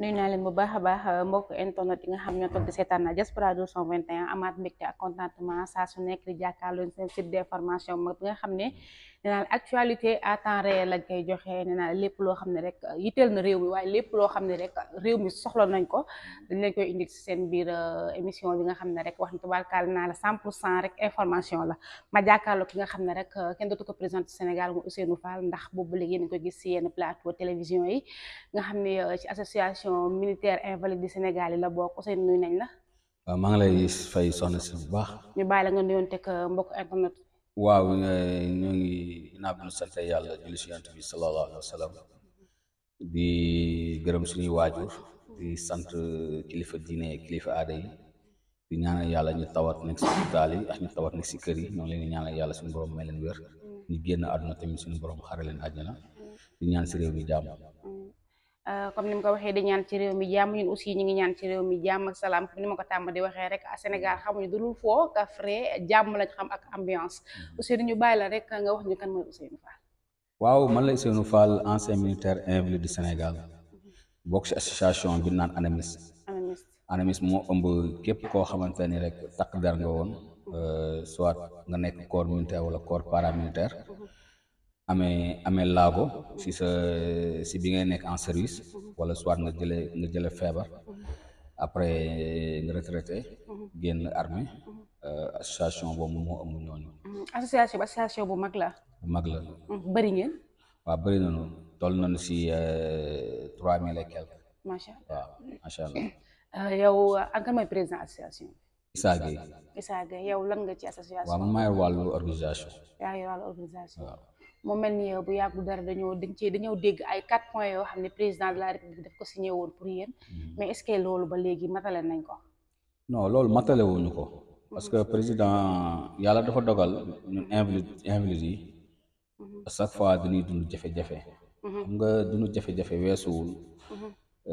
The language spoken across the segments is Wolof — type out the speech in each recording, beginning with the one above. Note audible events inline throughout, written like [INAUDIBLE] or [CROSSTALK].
nuyu naa leen bu baax a baax euh, mbokk internet yi nga xam ñoo toog di seetaan na Diaspora 221 amaat mbégte ak contentement a su nekk di jàkkaarloo seen site d'information bi nga xam ne nee naa actualité à temps lañ koy joxe nee lépp loo xam ne rek euh, yitteel na réew mi waaye lépp loo xam ne rek euh, réew mi soxla nañ ko dañ leen koy indil ci seen biir euh, émission bi nga xam ne rek wax na tubaarkaal naa la 100 pour cent rek information la ma jàkkaarloo ki nga xam ne rek kenn dootu ko présenté Sénégal mu Ousseynou Fall ndax boobu léegi yéen ko gis ci yenn plateau télévision yi nga xam ne ci association militaire invalide du Sénégal yi la bokk Ousseynou nuyu nañ la. waaw maa ngi lay fay soxna si bu baax. ñu bàyyi la nga nuyoon waaw ñoo ngi naa bi nu sant yàlla julli si yonent bi sallallahu alayhi di gërëm suñuy waajur di sant kilifa diine kilifa aada yi di ñaanal yàlla ñu tawat ki si hôpital yi ak ñu tawat nekk si kër yi ñoo ngi leen di ñaanal yàlla suñu borom may leen wér ñu génn àdduna tamit suñu borom xare leen àjjana di ñaan si réew mi jàmm Euh, comme ni mu ko waxee di ñaan ci réew mi jàmm ñun aussi ñu ngi ñaan ci réew mi jàmm ak salaam ni ma ko tàmm di waxee rek Sénégal xamuñu dulul foo kafre jàmm lañ xam ak ambiance Ousseynou mm-hmm. ñu bàyyi la rek nga wax ni kan mooy Ousseynou Fall. waaw man la Ousseynou Fall ancien militaire invalide du Sénégal bokk ci association bi naan ANAMIS. ANAMIS moo ëmb képp koo xamante ni rek takk der nga woon mm-hmm. euh, soit nga nekk corps militaire wala corps paramilitaire. amee amee laago si sa si bi ngay nekk en service wala soit nga jële nga jële feebar après nga retraité génn armée euh, association boobu moo ëmb ñooñu. Mm-hmm. association association bu mag la. bu mag la. Mm-hmm. bëri nga waaw bëri nañu tol nañu si euh, trois mille et quelques. macha allah waaw [COUGHS] euh, yow mooy président association. Issa Gueye. Issa lan nga ci association. waaw man maa yor organisation. yaa yor organisation. mu mel ni uh, bu yàggu dara dañoo dañ cee dañoo dégg ay quatre points yoo xam ne président de la république daf ko signé woon pour yéen mm-hmm. mais est loolu ba léegi matale nañ ko. non loolu matale wuñu ko parce que président yàlla dafa dogal ñun invalides invalides yi mm-hmm. à chaque fois dañuy dund jafe-jafe. Mm-hmm. nga dund jafe-jafe weesuwul.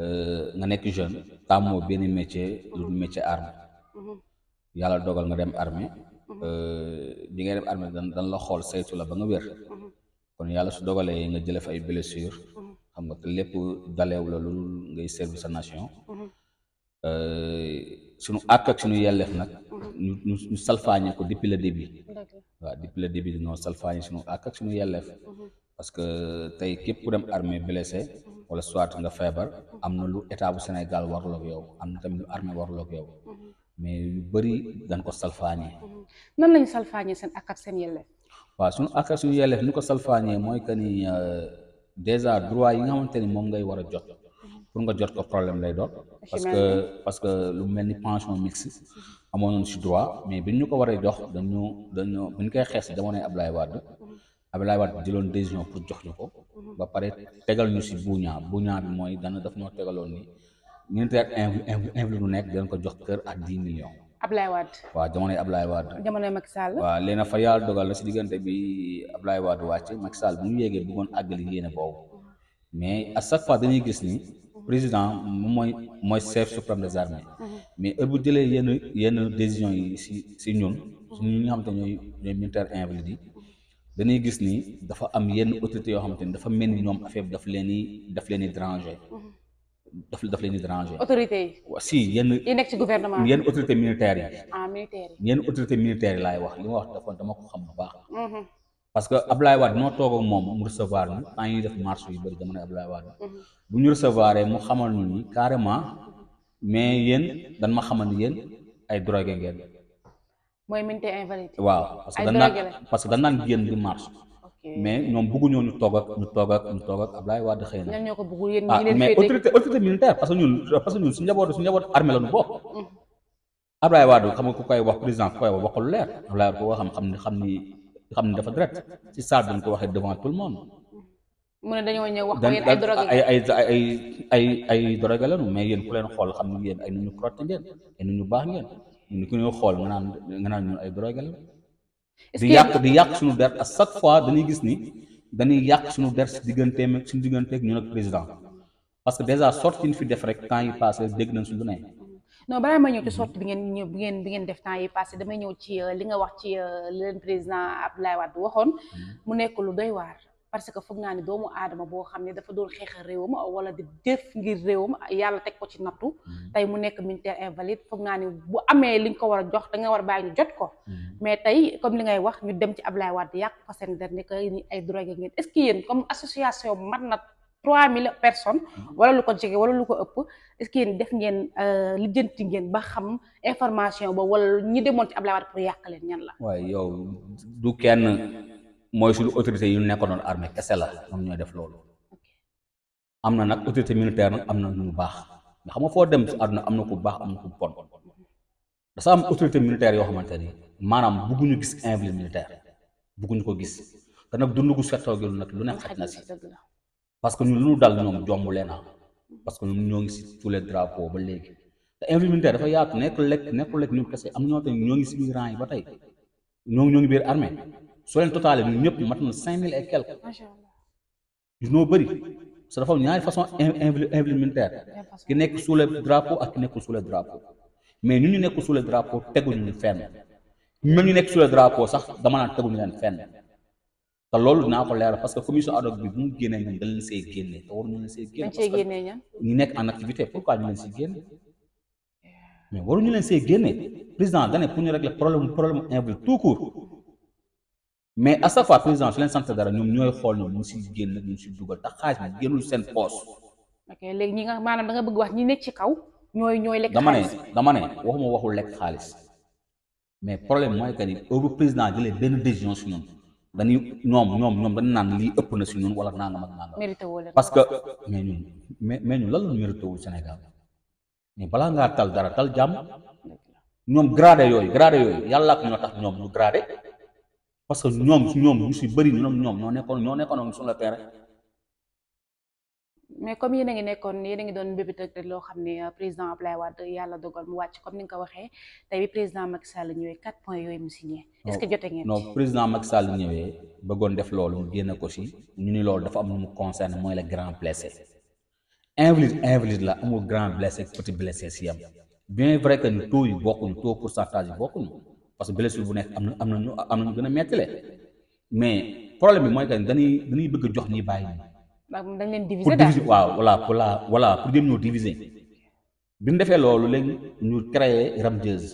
Euh, nga nekk jeune tàmmoo benn métier lu dul métier yàlla dogal nga dem armée euh, bi nga dem armée dan dan la xool saytu la ba nga wér. kon yàlla su dogalee nga jëlee fa ay blessure xam nga te lépp daleew la lu ngay servir sa nation euh, suñu àq ak suñu yelleef nag ñu ñu ñu salfaañe ko depuis le début waaw depuis le début ñoo salfaañe suñu àq suñu yelleef mhm. parce que tey képp ku dem armée blessé wala soit nga feebar am na lu état bu Sénégal warloo yow am na tamit lu armée warloo yow mhm. mais yu bëri dañ ko salfaañe. Mhm. nan lañu salfaañe seen àq ak seen yelleef. waaw suñu ak suñu yelleef ñu ko salfaañee mooy que ni euh, dèjà droit yi nga xamante ni moom ngay war a jot pour nga jot ko problème lay doon parce que parce que lu mel ni pension mixte amoon nañu si droit mais bi ñu ko waree jox dañu dañu bu ñu koy xees jamonoy Ablaye Wade Ablaye Wade jëloon décision pour jox ñu ko ba pare tegal ñu si buña buña bi mooy dana daf ñoo tegaloon ni ñu ne tey inv inv lu nekk dañ ko jox kër ak dix millions Ablaye Wade. waaw jamonoy Ablaye Wade. jamonoy Macky Sall. waaw léegi nag fa yàlla dogal na si diggante bi laay Wade wàcc Macky Sall bu ñu yéegee bëggoon àggali yéene boobu mais à chaque fois dañuy gis ni président moom mooy mooy chef suprême des armées mais heure bu jëlee yenn yenn décision yi si si ñun suñu nga xamante ñooy ñooy militaire invalide yi dañuy gis nii dafa am yenn autorité yoo xamante ni dafa mel ni ñoom affaire bi daf leen di daf leen di déranger daf daf leen di déranger. autorités yi si yenn. yi nekk ci gouvernement yenn autorité militaire ah, yi. yenn autorité militaire yi laay wax li ma wax dafa dama ko xam bu baax. Mm-hmm. parce que Ablaye Wade moo toog ak moom mu recevoir ñu temps yi def marche yu bëri jamono Ablaye Wade. Mm-hmm. bu ñu recevoir mu xamal ñu ni carrément mais yéen dañ ma xamal ni yéen ay drogué ngeen. mooy militaire invalide. waaw parce que dañ naan parce que di marche. mais ñoom bëgguñoo ñu toog ak ñu toog ak ñu toog ak Ablaye Wade xëy na. ko bëggul yéen ah, mais autorité autorité militaire parce que ñun parce que su suñu njaboot suñu njaboot armée la ñu bokk. Mm. Ablaye xam nga ku koy wax président ku koy wax waxul leer Ablaye Wade ko xam xam ni xam ni dafa direct ci salle bi ko waxee devant tout le monde. mu ne dañoo ñëw wax ko yéen ay drogue ay ay ay ay ay drogue lañu mais yéen ku leen xool xam ni yéen ay nu ñu crotté ngeen ay nu ñu baax ngeen ñu ku ñu xool nga di yàq di yàq suñu der a chaque fois dañuy gis ni dañuy yàq suñu der si digganteem ak suñu digganteeg ñun ak président parce déjà sorti ñu fi def rek temps yi passé dégg nañ suñu lu ne. non balaa ma ñëw ci bi ngeen ñëw bi ngeen bi ngeen def temps yi passé damay ñëw ci euh, li nga wax ci euh, leen président Abdoulaye Wade waxoon hmm. mu nekk lu doy waar. parce que fogg naa ne doomu adama bo xam dafa doon xeexal réewam wala di def ngir réewam yalla tek ko ci nattu mm-hmm. tay mu nek militaire invalide fogg naa ne bu amé liñ ko wara jox da nga wara a ñu jot ko mm-hmm. mais tay comme li ngay wax ñu dem ci Ablaye wad yak fa sen der ne ni ay drogue ngeen est-ce yeen comme association mat na 3000 personnes mm-hmm. wala lu ko jege wala lu ko upp est-ce yeen def ngeen euh, lijjanti ngeen ba xam information ba wala ñi demone ci Ablaye wad pour yak leen ñan la way yow du kenn mooy suñu autorité yu nekkoon noonu armée kese la ñoom ñoo def loolu am na nag autorité militaire nag am na ñu baax nga xam nga foo dem su àdduna am na ku baax am na ku bon am autorité militaire yoo xamante ni maanaam bugguñu gis invalide militaire bugguñu ko gis te nag dund gu settoo gi nag lu ne xaj na si parce que ñun lu ñu dal ñoom jomb leen parce que ñun ñoo ngi si tous les ba léegi te invalide militaire dafa yaatu nekkul lekk nekkul lekk ñu kese am na ñoo te ñoo ngi si biir rang ba tey ñoo ngi ñoo biir armée soo leen totalee ñun ñëpp mat na cinq mille et quelques. macha allah junoo bëri parce que dafa am ñaari façon indumentaire ki nekk sous le drapeau ak ki nekkul sous le drapeau mais ñun ñu nekkul sous le drapeau teguñu ñu fenn même ñu nekk sous le drapeau sax dama naan teguñu leen fenn te loolu dinaa ko leeral parce que commission ad hoc bi bu mu génnee ñun dañ leen see génne te waruñu leen see génne. parce que ñu nekk en activité pourquoi ñu leen si génne. mais waruñu leen see génne président da ne pour ñu régler problème problème invité tout court. mais à chaque fois président su leen sant dara ñoom ñooy xool ñoom ñu si génn ñu si dugal te xaalis bi génnul seen poos. ok léegi maanaam da bëgg wax ñi nekk ci kaw. ñooy ñooy lekk xaalis dama dama ne waxuma waxul lekk xaalis mais problème mooy que ni heure président jëlee benn décision si ñun dañuy ñoom ñoom ñoom dañu naan lii ëpp na si ñun wala nangam ak nangam. mérité woo leen parce que mais ñun mais mais ñun lan la mérité wul Sénégal mais balaa ngaa tal dara tal jàmm ñoom gradé yooyu gradé yooyu yàlla ak ñoo tax ñoom ñu gradé. parce que ñoom hommes, nous, nous, sur la mais comme vous avez ngi euh, président Ablaye Wade comme ni président Macky Sall quatre points signé. est-ce que non président Macky Sall def mu ko ñu ni dafa le grand blessé. invalide invalide la grand blessé petit blessé bien vrai que nous yi pourcentages. pourcentage parce que blessure bu nekk am na am na ñu am na ñu gën a mettile mais problème bi mooy que dañuy dañuy bëgg jox nii bàyyi dañ leen diviser daal pour diviser waaw voilà pour la voilà pour dem ñoo diviser bi ñu defee loolu léegi ñu créé ramjeuse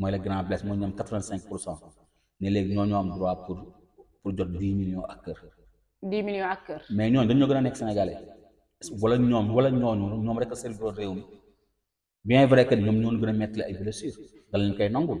mooy la grand blesse mooy ñoom quatre vingt cinq pour cent ne ñoo ñoo am pour pour jot dix ak kër. dix millions kër. mais ñooñu dañoo gën a nekk sénégalais wala ñoom wala ñooñu ñoom rek a servir réew mi bien vrai que ñoom ñoo gën a metti ay blessure da lañ nangul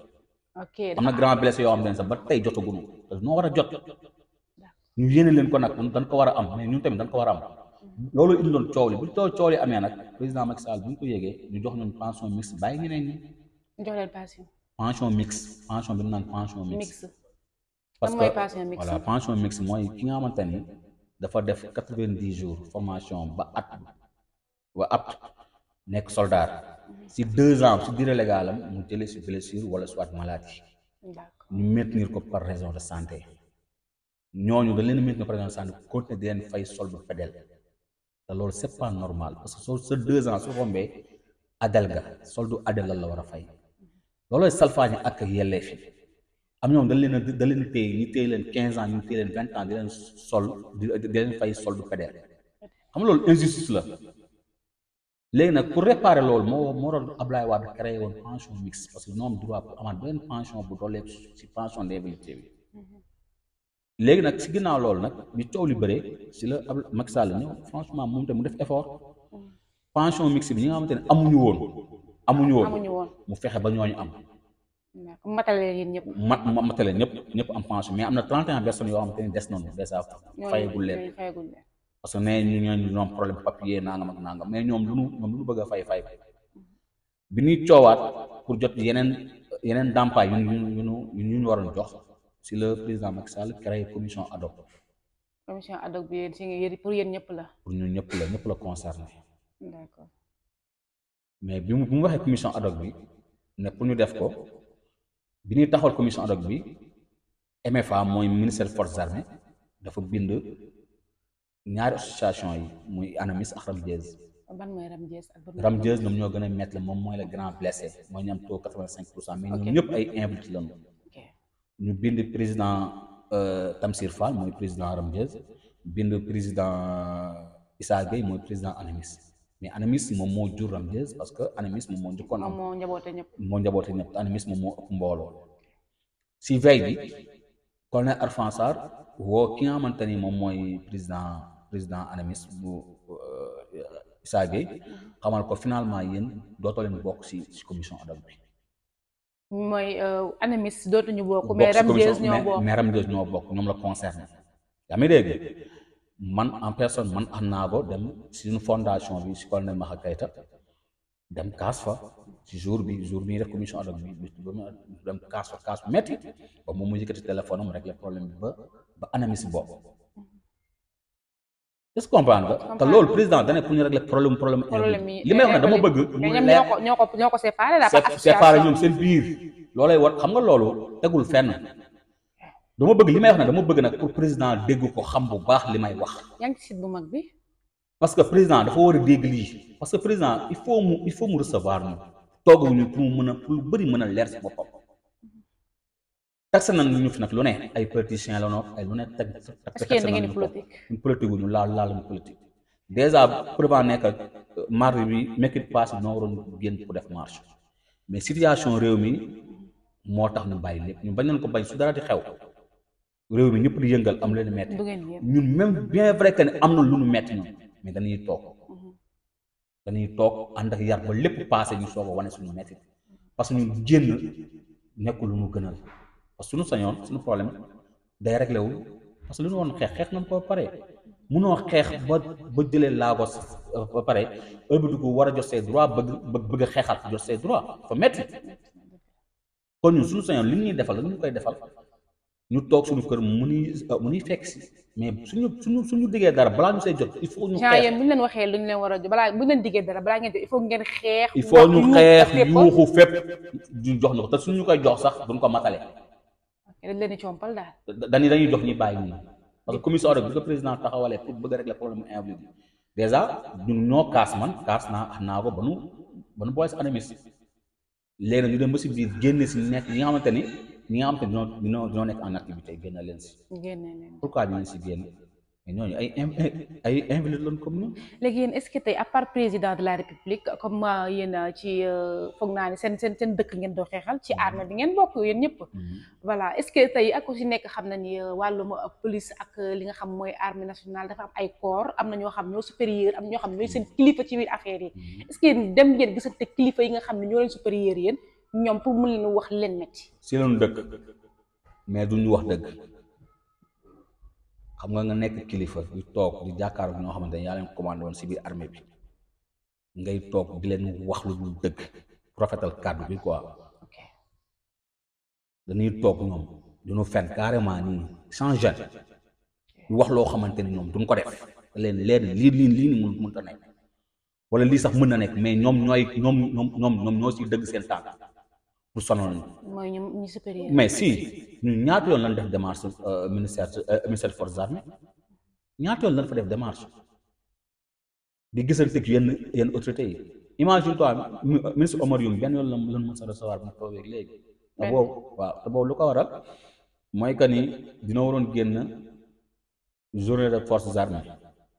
am na grand blessé yoo xam ne sax ba tey jotaguñu te noo war a jot ñu yéene leen ko nag dañ ko war a am mais ñun tamit dañ ko war a am mm-hmm. loolu indi doon coow li bu too coow li amee nag président Macky bu ñu ko yégee ñu jox ñun pension mixte bàyyi ñeneen ñi. jox leen pension. pension mixte pension bi mu naan pension mixte. parce que voilà pension mixte mooy ki nga xamante ni dafa def quatre-vingt-dix jours formation ba at ba at nekk soldat. Mhm. si deux ans si durée légale am mu jëlee si blessure wala soit maladie. ñu ko par raison de santé. ñooñu dañ leen a maintenir par raison de santé continuer di leen fay sol bu fedel te loolu c'est pas normal parce que soo sa deux ans su rombee adel ga sol du adel la la war a fay loolooy salfaañe ak yelleef yi am ñoom dañ leen a dañ leen ñu téye leen quinze ans ñu téye leen vingt ans di leen sol di leen fay sol bu fedel xam loolu injustice la. léegi nag pour réparer loolu moo moo doon Ablaye Wade créé woon pension mixte parce que ñoom droit pour amaat benn pension bu dooleeg si pension d'invalidité bi mm-hmm. léegi nag si ginnaaw loolu nag ñu coow li bëree si la ab Macky Sall ñëw franchement moom te mu def effort mm-hmm. pension mixte bi ñi nga xamante ne amuñu woon. amuñu woon mu fexe ba ñooñu am. matale leen ñëpp. ma matale ñëpp ñëpp am pension mais am na 31 personnes yoo xamante ne des noonu dèjà fayagul leen. parce que mais ñu ñooñu ñoom problème papier nangam ñu nangam mais bëgg a fay fay bi ñuy coowaat pour jot yeneen yeneen dàmpaay yu ñu ñu ñu ñu waroon jox si le président Macky Sall créé commission ad hoc. commission ad hoc bi pour yéen ñëpp la. pour ñun ñëpp la ñëpp la concerné. mais bi mu bi mu waxee commission ad bi ne pour ñu def ko bi ñuy taxal commission ad hoc bi MFA mooy ministère des forces armées dafa bind. ñaari association yi muy anamis ak Ramdiez ban mooy Ramdiez ak ban Ramdiez ñoom ñoo gën a métti moom mooy le grand blessé mooy ñam am taux quatre vingt cinq pour cent mais ñoom ñëpp ay invités lañu ñu bind président euh, Tamsir Fall mooy président Ramdiez bind président euh, Issa Gueye mooy président anamis mais anamis moom moo jur Ramdiez parce que anamis moom moo njëkkoon am moo njaboote ñëpp moo njaboote ñëpp anamis moom moo ëpp mbooloo si veille bi colonel Arfan Sarr woo ki nga xamante ni moom mooy président président anamis bu euh, Issa Gueye xamal ko finalement yéen dootoo leen bokk si si commission ad hoc bi mooy euh, anamis dootuñu bokk mais Ramdieuze ñoo bokk mais Ramdieuze ñoo bokk ñoom la concerné yaa ngi dégg man en personne man am naa dem si une fondation bi si colonel Maxa Keita dem kaas fa ci jour bi jour bi rek commission ad hoc bi dem kaas fa kaas metti ba moom mu yëkkati téléphone am rek la problème bi ba ba anami si bopp mhm. est-ce que comprendre nga te loolu président dane pour ñu régler problème problème li may wax ne dama bëgg mu leer ñoo ko séparé ñoom seen biir loolay war xam nga loolu tegul fenn dama bëgg li may wax ne dama bëgg nag pour président dégg ko xam bu baax li may wax yaa ngi ci mag bi parce que président dafa war a dégg lii parce que président il faut mu il faut mu recevoir mu tooguñu pour mu mën a lu bëri mën a leer si boppam taxe nañ ñu fi nag lu ne ay politiciens la noo ay lu ne teg taxe nañ ñu ko ñu politique ñu laal laal ñu politique dèjà pourtant nekk euh, mardi bi mekit passé noo waroon génn pour def marche mais situation réew mi moo tax ñu bàyyi lépp ñu bañ nañ ko bañ su dara di xew réew mi ñëpp di yëngal am leen metti ñun même bien vrai que ne am na lu ñu metti ñun mais dañuy toog mhm. dañuy toog ànd ak yar ba lépp passé ñu soog a wane suñu metti parce que ñun génn nekkul lu ñu gënal parce que suñu sañon suñu problème day réglé wul parce que lu ñu woon xex xeex nañ ko paré pare xex ba euh, ba jëlee Lagos ba paré heure bi dugg war a jot say droit bëgg bëgg a xeexaat jot droit fa metti kon ñun suñu sañon li ñi défal ñu koy défal ñu tok suñu kër mu nuy euh, mu mais suñu suñu suñu diggé dara bala ñu say jot il faut ñu xeex yéen bu leen waxé lu leen wara jox bala balaa leen diggé dara bala ngeen jot il faut ngeen xeex il faut ñu xex xeex yuuxu fep ñu jox ñu ko suñu koy jox sax buñ ko matalé dañ leen di compal daal. dañuy dañuy jox ñi bàyyi ñi parce que commission bi ko président taxawalee pour bëgg a régler problème mu invalide bi ñoo kaas man kaas naa am naa ko ba nu ba nu boole si anamis léegi nag ñu dem ba si biir génne si nekk ñi nga xamante ni ñi nga xamante ni ñoo ñoo nekk en activité génne leen si. génne leen pourquoi si génne. ñooñu ay ay invalide lañ léegi yéen est-ce que tey à part président de la république comme yéen ci euh, foog naa ne seen seen seen dëkk ngeen doo xeexal ci mm-hmm. armée bi ngeen bokk yéen ñëpp. Mm-hmm. voilà est-ce que tey ak ku si nekk xam na ni euh, wàllum euh, police ak li nga xam mooy armée nationale dafa am ay corps am na ñoo xam ñoo supérieur am na ñoo xam ñooy seen mm-hmm. kilifa ci biir affaire yi. est dem que yéen te ngeen gisante kilifa yi nga xam ne ñoo leen supérieur yéen ñoom pour mën leen wax leen metti si lañu dëkk mais duñu wax dëgg. xam nga nga nekk kilifa di toog di jàkkaarloo ñoo xamante ne yaa leen commandé woon si biir armée bi ngay toog di leen wax lu dul dëgg rafetal kàddu bi quoi dañuy toog ñoom duñu fen carrément nii sans gêne di wax loo xamante ne ñoom duñ ko def leen leen lii lii lii ni mun mënta nekk wala lii sax mën na nekk mais ñoom ñooy ñoom ñoom ñoom ñoom ñoo si dëgg seen tànk bu sonal ñu. mooy ñu ñu mais si ñu ñaata yoon la def démarche euh, ministère euh, ministère forces armées ñaata yoon lañ fa def démarche di gisanteeg yenn yenn autorités yi imagine toi ministre Omar Youm benn yoon lan lan mën sa recevoir bu mu toogee léegi. te mooy que ni dina waroon génn journée de forces armées.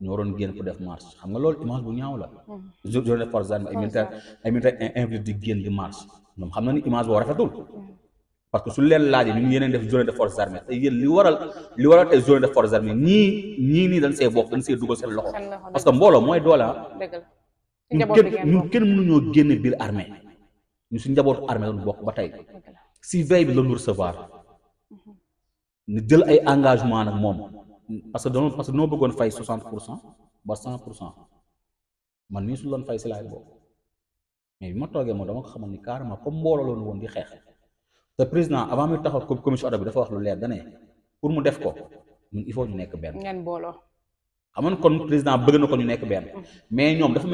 ñoo doon génn pour def marche xam nga loolu image bu ñaaw la. Hmm. journée des forces armées ay militaires ay militaires invité di génn di marche ñoom xam na ni image boobu rafetul parce que su leen laajee ñu ngi yeneen def journée de forces armées te yéen li waral li waral ay journée de forces armées ñii ñii nii dañ see bokk dañ see dugal seen loxo parce que mbooloo mooy doole ah. ñu kenn ñu kenn mënuñoo génne biir armée ñu si njabootu armée lañu bokk ba tey si veille bi lañu recevoir ñu jël ay engagement nag moom parce que dañoo parce que noo bëggoon fay 60 pour cent ba 100 pour cent man mii su loon fay si laay bokk mais bi ma toogee moom dama ko xamal ni carrément comme mbooloo loonu woon di xeex te président avant muy taxaw commission oto bi dafa wax lu leer dane pour mu def ko ñun ñu nekk benn ngeen bëgg na mm. ni autres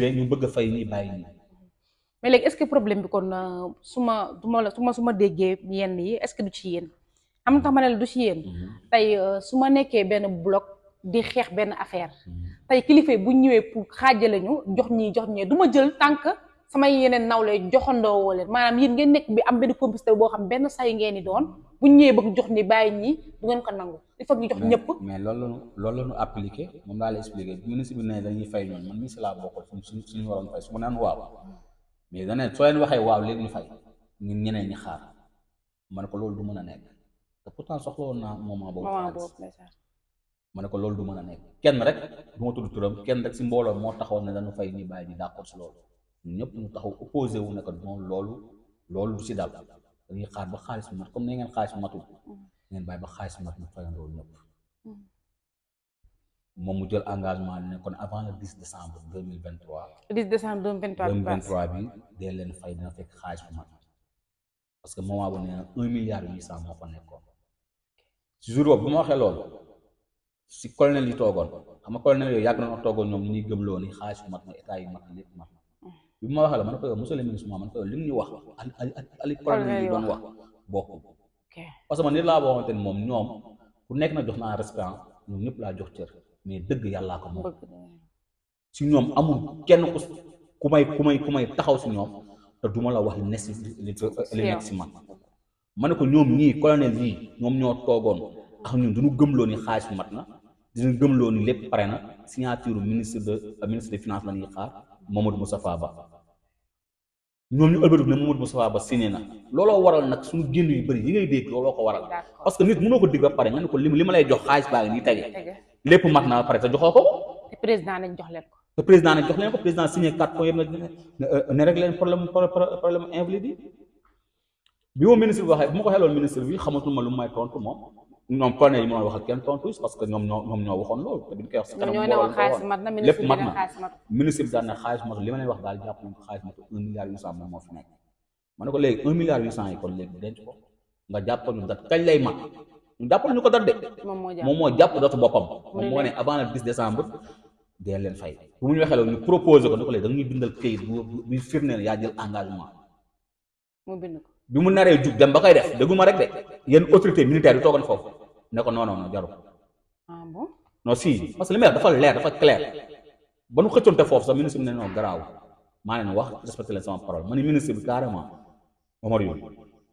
yenn yenn ce que problème bi kon euh, su ma ma su ma su ma déggee yenn yi est-ce que du ci yéen di xeex benn affaire mm. tey kilifa yi bu ñëwee pour xaajale ñu jox ñii jox ñee du ma jël tant que samay yeneen nawle joxandoo woo leen maanaam yi ngeen nekk bi am benn complicité boo xam benn say ngeen ni doon bu ñëwee bëgg jox ni bàyyi ñi du ngeen ko jox ñëpp. mais loolu la ñu loolu la moom laa la expliqué ministre bi ne dañuy fay ñoom man ministre laa bokkal suñ suñu waroon fay su ma naan waaw mais dana soo leen waxee waaw léegi ñu fay ñun ñeneen ñi xaar man ko loolu du mën a nekk te pourtant soxla woon naa moment boobu. moment boobu ma ne ko loolu du mën a nekk kenn rek du ma tudd turam kenn rek si mbooloo moo taxaw ne dañu fay ni bàyyi di d'accord si loolu ñëpp tax taxaw opposé wu ne ko non loolu loolu du si dal dañuy xaar ba xaalis mat comme ngeen xaalis matul mm-hmm. ngeen bàyyi ba xaalis mat ñu fayandoo ñëpp mm-hmm. moom mu jël engagement ne kon avant le 10 décembre 2023. 10 décembre 2023 2023 bi dee leen fay dina fekk xaalis bu mat parce que moment bu ne un milliard huit moo fa nekkoon si jour boobu bu si colonel yi toogoon xam nga colonel yooyu yàgg nañoo toogoon ñoom ñu ñuy gëmloo ni xaalis mat na état yu mm. ma waxee la man ko yow monsieur wax ak parce que man laa boo xamante ni ñoom ku nekk na jox naa respect ñoom ñëpp laa jox cër mais dëgg yàllaa ko moom si ñoom amul kenn ku ku may ku may ku may taxaw si ñoom te duma la wax li si ma ne ko ñoom ñii colonel yii ñoom ñoo toogoon ak ñun duñu gëmloo ni xaalis mat na dina gëmloo ni lépp pare na signature ministre de euh, ministre des finances la ñuy xaar Mamadou Moustapha Ba ñoom ñu ëlbatiku ne Mamadou Moustapha Ba signé na looloo waral nag suñu génn yu bëri yi ngay dégg looloo ko waral parce que nit mënoo ko dig ba pare nga ne ko li ma lay jox xaalis baa ngi nii tege lépp mat naa pare te joxoo ko. te président lañ jox leen ko. te président lañ jox leen ko président signé quatre points yëpp na ne euh, rek leen problème problème invalide bi bi moom ministre bi waxee bu ma ko bi xamatul lu may tontu ñoom kon yi mën a waxal kenn tontuus parce que ñoom ñoo ñoom ñoo waxoon loolu te biñ koy wax si kanam lépp mat na ministre bi daan na xaalis matu li ma leen wax daal jàpp nañ ko xaalis matu un milliard huit cent moom moo fi nekk ma ne ko léegi un milliard huit cent yi kon léegi denc ko nga jàppal ñu dat kañ lay mat ñu jàppal ñu ko dat de moom moo jàpp datu boppam moom moo ne avant le 10 décembre dee leen fay bu mu ñu waxee loolu ñu proposé ko ne ko léegi da nga ñuy bindal këyit bu bu firneel yaa jël engagement mu bind ko bi mu naré jug dem ba kay def déggu rek dé yeen autorité militaire yi toogoon foofu ne ko non non non jaru ah non si parce que le maire dafa lèr dafa clair ba nu xëccoonte foofu sax ministre né non graw maa leen wax respecté les sama parole mané ministre bi carrément Omar Youm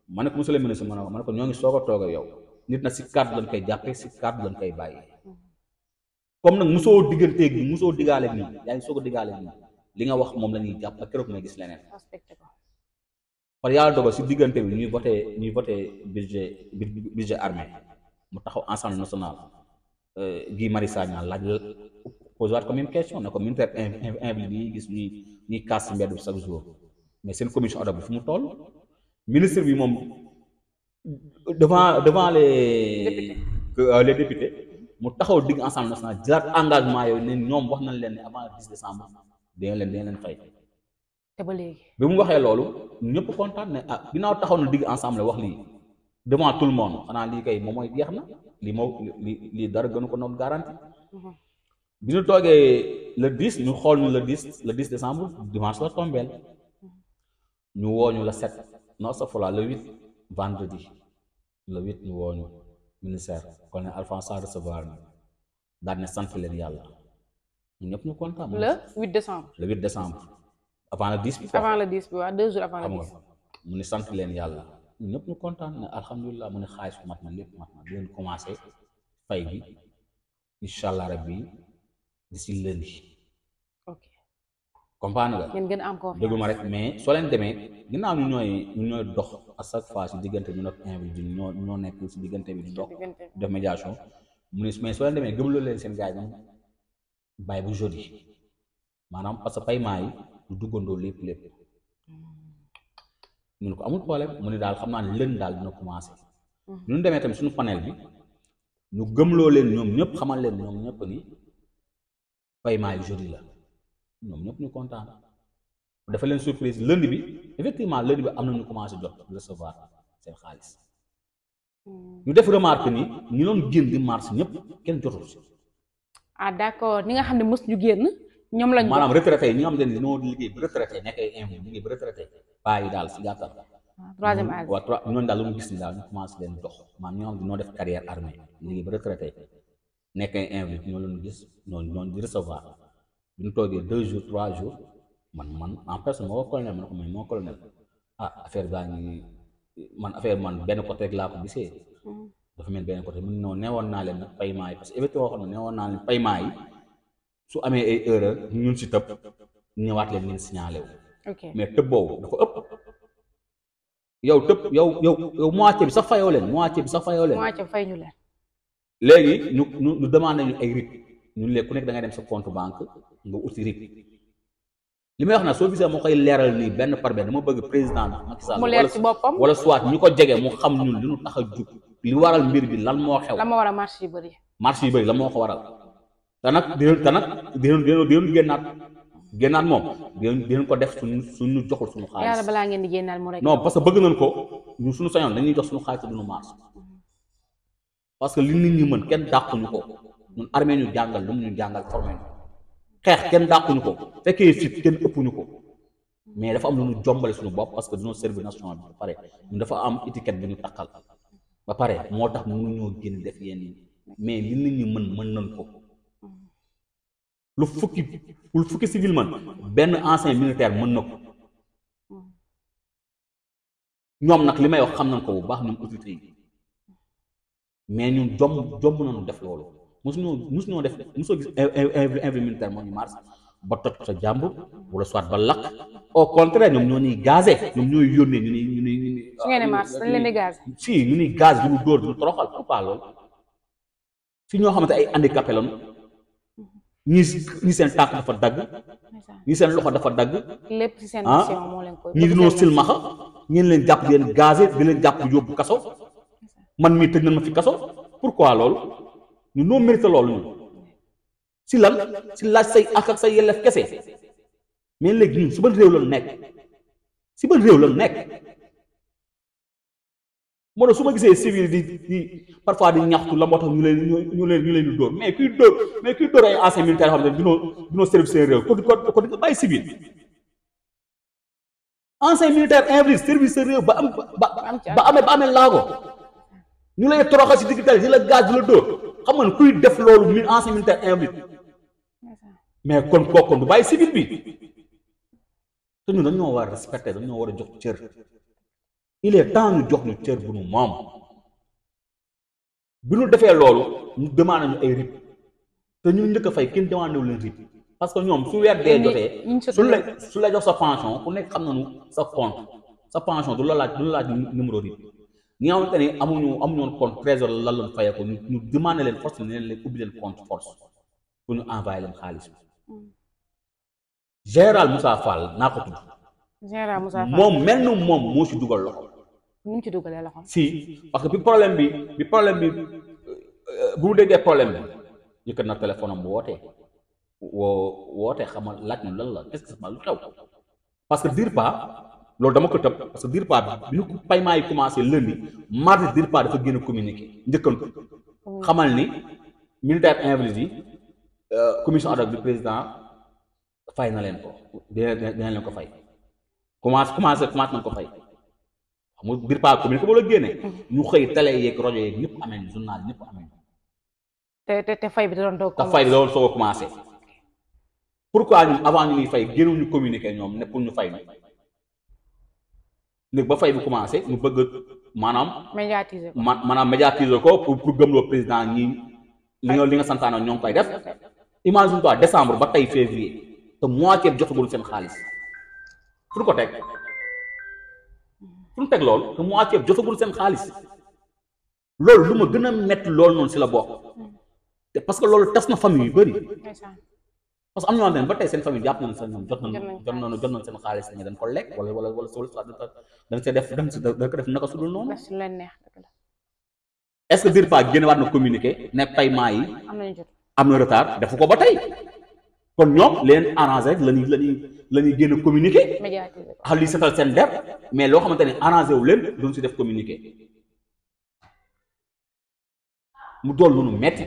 mané ko monsieur le ministre mané mané ko ñongi soko ko yow nit na ci carte lañ kay jappé ci carte lañ kay bàyyi comme nak musoo digënté ak musoo digalé ni yaa ngi soog a diggaale li nga wax mom lañuy japp ak keroog may gis respecté ko par yàlla dogal si diggante bi ñuy voté ñuy voté budget budget mu taxaw ensemble national euh, Guy Marius Sagna laaj la posé waat ko même question ne ko ministère invli bi gis ñuy ñuy kaas si mbedd bi chaque jour mais seen commission ad hoc bi fu mu toll ministre bi moom devant devant les euh, les mu taxaw digg ensemble national jëlaat engagement yooyu ne ñoom wax nañ leen ne avant le 10 décembre dina leen dina leen te bi mu waxee loolu ñëpp kontaan ne ah ginnaaw taxaw na digg ensemble wax lii devant tout le monde xanaa lii kay moom mooy jeex na li moo lii lii dara gënu ko noonu garanti. Mhm. bi ñu toogee le 10 ñu xool ñu le 10 le 10 décembre dimanche la tombeel ñu wooñu le 7 non sa fois le 8 le 8 woo ministère kon ne Alphonse Sarr recevoir ne sant leen yàlla ñun ñu kontaan. le 8 décembre. avant le 10 bi. avant le 10 bi wa 2 jours avant le 10. mu ne sant leen yàlla ñun ñu contane ne alhamdulilah mu ne xaalis mat na lépp mat na di len commencer fay bi inshallah rabbi rabbi d'ici lundi. ok comprendre nga. ngeen gën am ko déglu ma rek mais so len démé ginnaaw ñu ñoy ñu ñooy dox à chaque fois si diggante ñu nekk invité ñoo ñoo nekk ci diggante bi di dox. def médiation mu ne mais soo leen demee gëmloo len seen gaay yi bay bu jodi manam parce que paiement yi. du duggandoo lépp lépp ñu hmm. ne ko amul problème mu ne daal xam naa ne lën daal dina commencé. ñu hmm. demee tamit suñu panel bi ñu gëmloo leen ñoom ñëpp xamal leen ñoom ñëpp ni paiement yi jeudi la ñoom ñëpp ñu kontaan dafa leen surprise lundi bi effectivement lundi bi am na ñu commencé jot recevoir seen xaalis hmm. ñu def remarque ni ñu doon génn di mars ñëpp kenn jotul si. ah d'accord ñi nga xam ne mos ñu génn. ñoom lañ maanaam retraité yi ñi nga xam ne dañoo liggéey bu retraité nekk ay infos liggéey bu retraité bàyyi daal si gàttal. troisième âge daal lu mu gis ni daal ñu commencé leen dox maanaam ñoo xam ne ñoo def carrière armée liggéey bu retraité nekk ay infos ñoo leen gis ñooñu ñooñu di recevoir bu ñu toogee deux jours trois jours man man en personne moo ko man ko man moo colonel ah affaire baa ngi man affaire man benn côté rek laa ko gisee. dafa mel benn côté mun noo neewoon naa leen nag paiement yi parce que effectivement waxoon su amee ay erreur ñun si tëb ñëwaat leen ngeen signalé wu. mais tëb boobu dafa ëpp. yow tëb yow yow yow moitié bi sax fayoo leen moitié bi sax fayoo leen. ñu leen. léegi ñu ñu ñu demandé ñu ñun léegi ku nekk da sa compte banque nga uti li may wax na soo moo koy leeral nii benn par benn dama bëgg président Macky Sall. mu leer ci boppam wala soit ñu ko jege mu xam ñun li ñu tax a jug. li waral mbir bi lan moo xew. lan moo waral marché yu bëri. marché yu bëri lan moo ko waral. te nag dinañ te nag dinañ dinañ génnaat génnaat moom dinañ dinañ ko def suñu suñu joxul suñu xaalis. yàlla balaa ngeen di génnaat mu rek. non parce que bëgg nañ ko ñun suñu sañoon dañuy jox suñu xaalis te duñu maas parce que li nit ñi mën kenn dàquñu ko ñun armée ñu jàngal lu mu ñu jàngal formé ñu xeex kenn dàquñu ko fekkee fit kenn ëppuñu ko mais dafa am lu ñu jombale suñu bopp parce que dañoo servir national bi ba pare ñun dafa am étiquette bi ñu takkal ba pare moo tax mënuñoo génn def yenn mais li nit ñi mën mën nañ ko. lu fukki lu fukki civil man benn ancien militaire mën na ko ñoom nag li may wax xam na ko bu baax ñoom autorité yi mais ñun jomb na nañu def loolu mosuñoo mosuñoo def mosoo gis invité militaire moo ñu mars ba toj sa jàmbur wala soit ba lakk au contraire ñoom ñoo ñuy gazé ñoom ñooy yónnee ñu ñuy ñu ñuy. su ngeen di mars si ñu ñuy gaz du ñu dóor du ñu toroxal pourquoi loolu si ñoo xamante ay handicapé lañu. ñii ñii seen tànk dafa dagg ñii seen loxo dafa dagg lépp ci seen ah, mission moo leen dinoo silmaxa ngeen leen jàpp di leen gazé di leen jàpp yóbbu kaso man mii tëj na ma fi kaso pourquoi loolu ñu noo mérité loolu ñu si lan si laaj say ak ak say yelleef kese mais léegi ñun si ban réew la nekk si ban réew la nekk moo tax su ma gisee civil di di parfois di ñaxtu la moo tax ñu leen ñu leen di dóor mais kuy dóor mais kuy dóor ay ancien militaire yoo ne dunoo dunoo service seen réew ko ko di nga bàyyi civil ancien ba am ba ba amee ba amee laago ñu lay toroxal si digital la gaz di la dóor xam kuy def loolu mi ancien militaire invalide mais kon kooku kon du bàyyi civil bi te ñun dañoo war a respecté war a jox cër il est temps ñu jox ñu cër bu ñu moom bi ñu defee loolu ñu demandé ñu ay rib te ñu njëkk a fay kenn demandé leen rib parce que ñoom su weer dee jotee su la su la jox sa pension ku nekk xam nañu sa compte sa pension du la laaj du la laaj numéro rib ñi nga xamante ne amuñu amuñu woon compte trésor la lan lañ fayee ko ñu ñu leen force ne leen leen ubbi leen compte force pour ñu envoyé leen xaalis bi hmm. général Moussa Fall naa ko tudd. général Moussa Fall moom mel nu mu ci dugalee loxo. si parce que bi problème bi bi problème bi euh, bu mu déggee problème bi yëkkat na téléphone am wootee woo wootee xamal laaj na lan la qu'est-ce que sama lu xew parce que DIRPA loolu dama ko tëb parce que DIRPA bi bi ñu paiement yi commencé lundi mardi DIRPA dafa génn communiqué njëkkal ko mm. xamal ni militaire invalides yi euh, commission ad hoc bi na leen ko dina ko fay commencé commencé commencé nañ ko fay. amul biir pas commune ko ba la génne ñu xëy télé yeeg rajo yeeg ñëpp amee journal ñëpp amee te te fay bi doon doog te fay bi da doon soog a commencé pourquoi ñun avant ñu ñuy fay génn ñu communiqué ñoom ne ñu fay ñu ba fay bi commencé mu bëgg maanaam. médiatiser ko maanaam médiatiser ko pour pour gëmloo président ñi li nga li nga santaane ñoo ngi koy def imagine toi décembre ba tey février te moitié bi joxagul seen xaalis pour ko teg. fu mu teg loolu te moitié bi jotagul seen xaalis loolu lu ma gën a métti lool noonu si la bokk te parce que loolu tas na famille yu bëri parce que am na ñoo xam ne ba tey seen famille jàpp nañu seen ñoom jot nañu jot nañu jot nañu seen xaalis ne dañ ko lekk wala wala wala sol dañ see def dañ ko def naka su dul noonu est-ce que biir pa génnewaat na communiqué ne paiement yi am na retard defu ko ba tey kon ñoom leen arrangé rek la ñuy la ñuy la ñuy génn communiqué. xam li setal seen der mais loo xamante ne arrangé wu leen doon si def communiqué. mu doon lu nu metti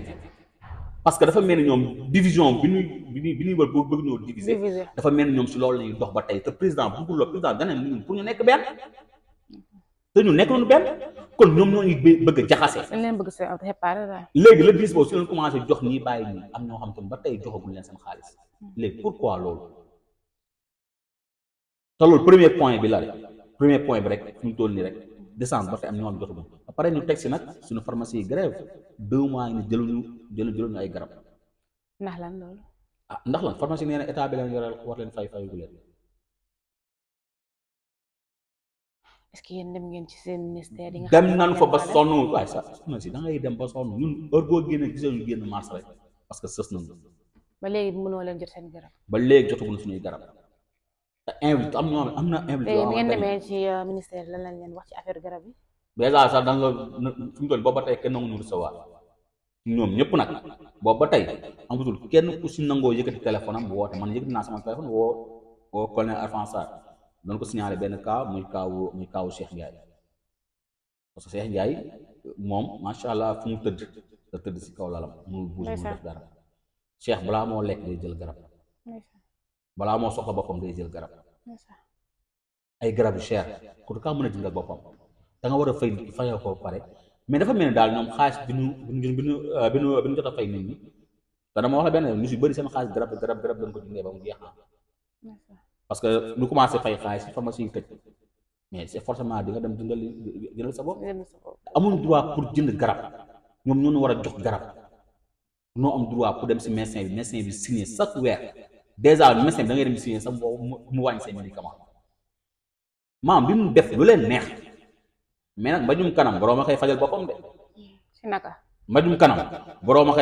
parce que dafa mel ni ñoom division bi ñuy bi ñuy bi ñuy wër bëgg ñoo diviser. dafa mel ni ñoom si loolu la dox ba tey te président bëggul loolu président dana ñun pour ñu nekk benn te ñu nekk lu benn. kon ñoom ñoo ñu bëgg a jaxase. dañ leen bëgg a réparer daal. léegi le bis boobu su leen commencé jox ñii bàyyi ñii am ñoo xam te ba tey joxaguñ leen seen xaalis léegi pourquoi loolu te loolu premier point bi la rek premier point bi rek fi mu toll nii rek décembre ba tey am ñoo xam joxaguñ ba pare ñu teg si nag suñu pharmacie yi grève deux mois ñu jëluñu jëluñu ay garab. ndax lan loolu. ah ndax lan pharmacie nee na état bi leen yore war leen fay fayu leen. est-ce que yéen dem ngeen ci seen ministère yi nga dem nañ fa ba sonn waaye sax soxna si da ngay dem ba sonn ñun heure boo génne gisee ñu génn mars rek ba léegi mënoo leen jot seen ci euh, ministère lan lañ leen wax ci affaire garab yi dèjà sax dan la fu ñu booba tey kenn nangu ñu recevoir ñoom ñëpp nag booba tey amatul kenn ku si nangoo yëkkati téléphone am woote man yëkkati naa sama téléphone woo colonel Arfan non ko signalé ben cas muy kaawu muy kaawu Cheikh Ndiaye parce que Cheikh mom ma sha allah fu mu teud da teud ci kaw lalam mu bouge mu def dara Cheikh bala mo lek day jël garab bala mo soxla bopam day jël garab ay garab cheikh cher ka kaa jëndal da nga wara fay ko pare mais dafa mel dal ñom binu binu binu binu eh, binu binu bi fay nit da na mo wax la benn ñu ci bari seen xaalis garab garab garab dañ ko jëndee ba mu jeex parce que lu commencé fay xaalis si pharmacie yu tëj mais c'est forcément di nga dem dundal jëndal sa bopp amuñ droit pour jënd garab ñoom ñoo war a jox garab noo am pour dem si médecin bi médecin bi signé chaque weer déjà médecin bi da ngay dem signé sax boobu mu wàññi bi mu def lu leen neex mais nag kanam borom a koy fajal boppam de. si naka. mbajum kanam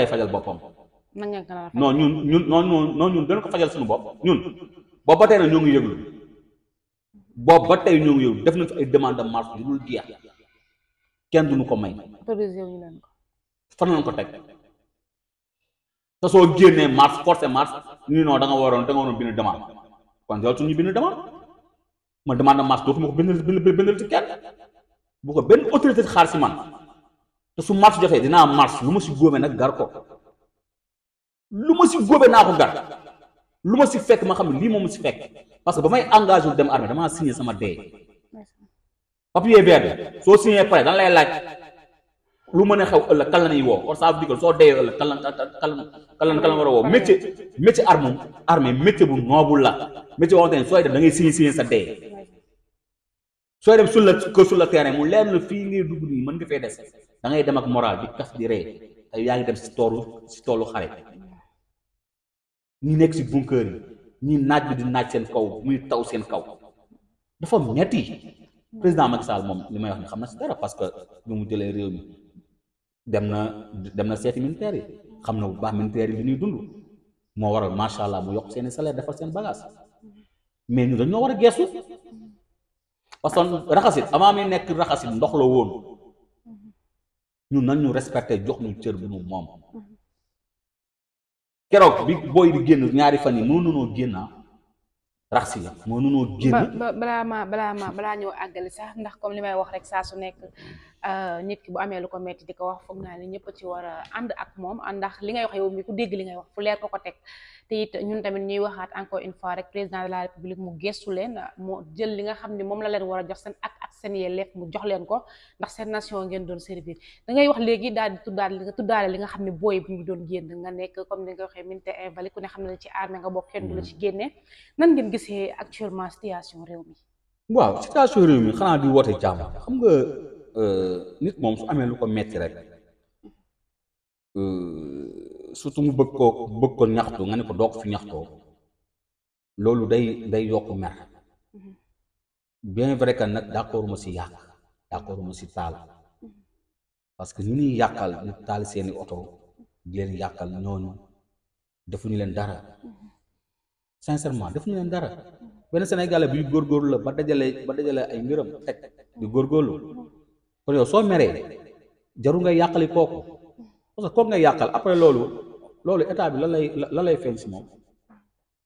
fajal boppam. non ñun ñun ñun ñun dañ ko fajal suñu bopp ñun. boobu ba tey nag ñoo ngi yëglu boobu ba tey ñoo ngi yëglu def nañ fi ay demande de marche yu dul jeex kenn duñu ko may fan lañ ko teg te soo génnee marche forcé marche ñu non da nga waroon da nga waroon bind demande kon yow suñu bind demande ma demande de marche dootuma ko bind bindal ci kenn bu ko benn autorité xaar si man te su marche jotee dinaa marche lu ma si góobee nag gar ko lu ma si góobee naa ko gar lu ma si fekk ma xam ne lii moom si fekk parce que ba may engagé wu dem armée damaa signé sama dee papier vert soo signé pare dan lay laaj lu mën a xew ëllëg kan la ñuy woo kon ça veut dire que soo dee ëllëg kan la kan war a woo métier métier arme armée métier bu noble la métier boo xamante sooy def da ngay signé sa dee sooy dem sur le que sur le terrain mu leer na fii ngay dugg nii mën nga fee des da ngay dem ak moral bi kas di ree te yaa ngi dem si toolu si ñi nekk si bunker yi ñi naaj bi di naaj seen kaw muy taw seen kaw dafa metti hmm. président Macky Sall moom li may wax ni xam na si dara parce que ñu mu jëlee réew mi dem na dem na seeti militaire yi xam na bu baax militaire li ñuy dund moo waral macha allah mu yokk seen i salaire defal seen bagage mais ñu dañoo war a geesu parce que raxasit avant mi nekk raxasit ndox la woon hmm. ñun nañ ñu respecté jox ñu cër bu ñu moom hmm. keroog bi booy bi génn ñaari fan yi mënu noo génn ah. rax si la mënu noo génn balaa ma balaa ma balaa ñëw àggali sax ndax comme li may wax rek saa su nekk euh, nit ki bu amee lu ko metti di ko wax foog naa ne ñëpp ci war a ànd ak moom ndax li ngay wax yow mi ku dégg li ngay wax fu leer ko ko teg te it ñun tamit ñuy waxaat encore une fois rek président de la république mu gestu leen mu jël li nga xam ne moom la leen war a jox seen ak seen lekk mu jox leen ko ndax seen nation ngeen doon servir dangay wax léegi daal di tuddaale li nga li nga xam ne booy bu ñu doon génn nga nekk comme ni nga waxee milité invalide ku ne xam ne ci armée nga bokk kenn du la mm-hmm. ci génne nan ngeen gisee actuellement situation réew mi waaw situation réew mi xanaa di woote jàmm xam nga euh, nit moom su amee lu ko metti rek euh, surtout mu bëgg ko bëgg ko ñaxtu nga ne ko doog fi ñaxtoo loolu day day yokk mer bien vrai que nak d'accord mo si yak d'accord mo si tal parce que ñu ni yàqal ñu taal seeni oto di leen yàqal ñooñu ñu len dara sincèrement ñu len dara ben Sénégalais bi gor la ba dajalé ba dajalé ay mbiram teg di lu kon yo so méré jaru nga yakali koku parce que ko nga yakal après lolu lolu état bi la lay la lay fenc mom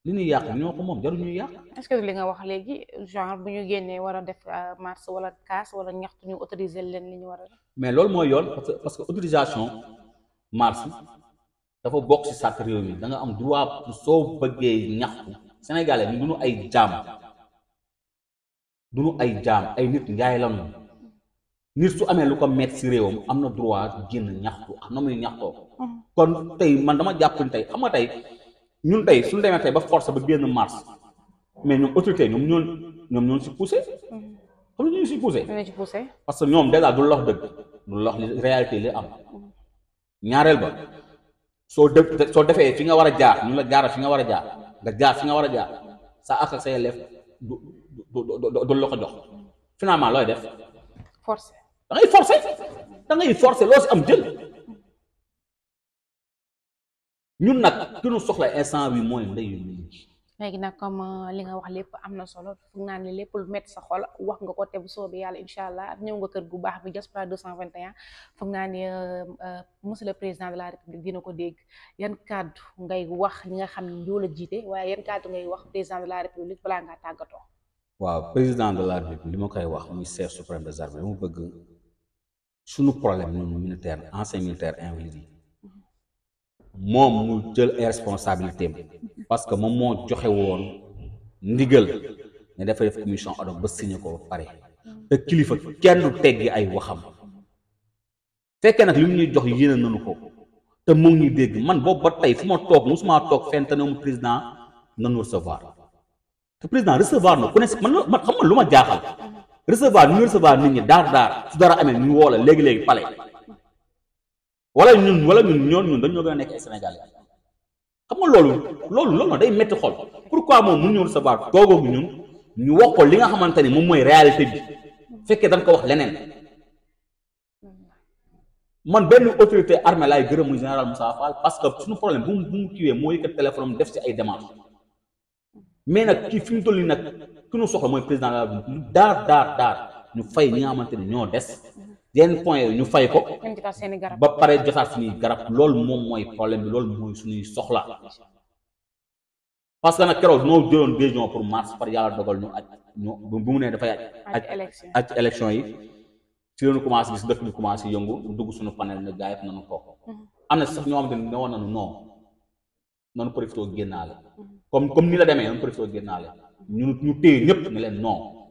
li ñuy yàq ñoo ko moom jarul ñuy yàq. est li nga wax léegi genre bu ñu génnee war a def euh, marche wala kaas wala ñaxtu ñu autoriser leen li ñu war a def. mais loolu mooy yoon parce que parce que autorisation marche dafa bokk ci sàrt réew mi da nga am droit soo bëggee ñaxtu sénégalais ñu duñu ay jaam duñu ay jaam ay nit njaay lanu nit su amee lu ko met ci réewam am na droit génn ñaxtu am na muy ñaxtoo. Mm-hmm. kon tey man dama jàpp tey xam nga tey. ñun tey suñu demee tey ba force ba génn mars mais ñoom autorité ñoom ñoo ñoom ñoo si poussé xam nga ñu si poussé. parce que ñoom dèjà du lox dëgg du lox li réalité li am mm-hmm. ñaareel ba soo def soo defee fi nga war a jaar ñu la jaara fi nga war a jaar nga jaar fi nga war a jaar sa ak ak sa élève du du du du la ko jox finalement looy def. forcé da ngay forcé da ngay si am jël. ñun nag ki ñu soxla instant bi mooy ndey nag comme euh, li nga wax lépp am na solo foog naa ni lépp lu métti sa xol wax nga ko te bu yàlla incha allah ñëw nga kër gu baax bi diaspora 221 foog naa ne euh, euh, monsieur le président de la république dina ko dégg yan kàddu ngay wax ñi nga xam ne ñoo jiite waaye yan kàddu ngay wax président de la république balaa ngaa tàggatoo. waaw président de la république li ma koy wax muy chef suprême des armées li mu bëgg suñu problème ñun militaire ancien militaire invalides yi moom mu jël ay responsabilité am parce que moom moo joxe woon ndigal ne dafay def commission ad hoc ba signé ko ba pare te kilifa kenn du teggi ay waxam fekkee nag li mu ñuy jox yéene nañu ko te mu ngi dégg man boobu ba tey fu ma toog musuma toog fenn te ne mu président nanu recevoir te président recevoir na ku ne man man xam nga lu ma jaaxal recevoir ñu recevoir nit ñi daar daar su dara amee ñu woo la léegi léegi pale wala ñun wala ñun ñoon dañoo gën a nekk ay sénégalais xam nga loolu loolu loolu day métti xol quoi moom mun ñu recevoir toogoog ñun ñu wax ko li nga xamante ni moom mooy réalité bi fekkee dañ ko wax leneen man benn autorité armée laay gërëm muy général Moussa Fall parce que suñu problème bu mu bu mu kiiwee moo yëkkat téléphone def ci ay démarches mais nag ci fi ñu toll nii nag ki ñu soxla mooy président daal daar daar daar ñu fay ñi nga xamante ni ñoo des yenn point yooyu ñu fay ko ba pare jotaat suñuy garab loolu moom mooy problème bi loolu mooy suñuy soxla parce que nag keroog noo jëloon décision pour mars par yàlla dogal ñu aj ñu bu mu nee dafay aj aj élection yi ci lañu commencé gis dëkk bi commencé yongu dugg suñu panel ne gaay yëpp nañu ko mhm. am na sax ñoo xam te ne woon nañu non noonu profité génnaale mhm. comme comme ni la demee noonu profité génnaale mhm. ñu ñu téye ñëpp ne leen non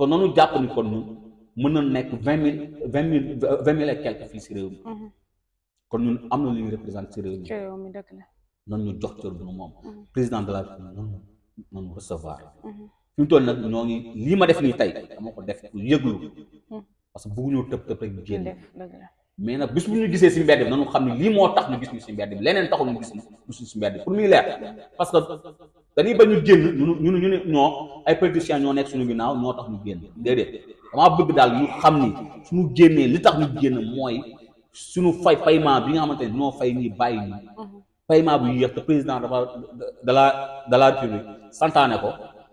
kon noonu jàpp ni kon ñun mën na nekk vingt mille vingt mille vingt mille et quelque fii si réew mi mhm. kon ñun am na lu ñuy représenté si réew mi noonu jox cër bu nu moom mhm. président de la République noonu noonu recevoir mhm. fi mu toll nag ñoo ngi lii ma def nii tey dama ko def pour yëglu parce que bëgguñoo tëb tëb rek génn mais nag bis bu ñu gisee si mbedd bi xam ne lii moo tax ñu gis ñu si mbedd bi leneen taxul ñu gis ñu si mbedd bi pour leer parce dañuy ba ñu génn ñu ñu ne ñoo ay politiciens ñoo nekk suñu ginnaaw ñoo tax ñu génn déedéet damaa bëgg daal ñu xam ni suñu génnee li tax ñu génn mooy suñu fay paiement bi nga xamante ne ñoo fay ñuy bàyyi ñu paiement bu yéex te président dama de la de la santaane ko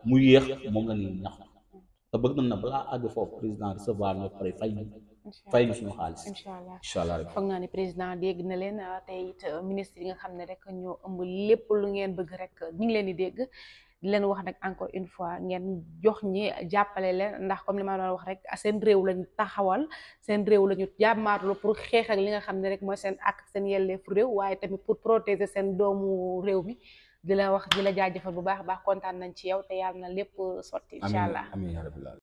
mu yéex moom la ñuy ñax te bëgg nañ na balaa àgg foofu président recevoir ñoo pare fay ñu fay ñu suñu xaalis incha allah foog naa ne président dégg na leen ah, te it eh, ministre yi nga xam ne rek ñoo ëmb lépp lu ngeen bëgg rek eh, ñu ngi leen di dégg leen wax nag encore une fois ngeen jox ñi jàppale leen ndax comme li ma doon wax rek ah, seen réew lañu taxawal seen réew lañu jàmmaarlu pour xeex li nga xam ne rek mooy seen ak seen yelleefu réew waaye tamit pour protéger seen doomu réew mi di la wax di la jaajëfal bu baax baax kontaan nañ ci yow te yàlla na lépp eh, sotti incha allah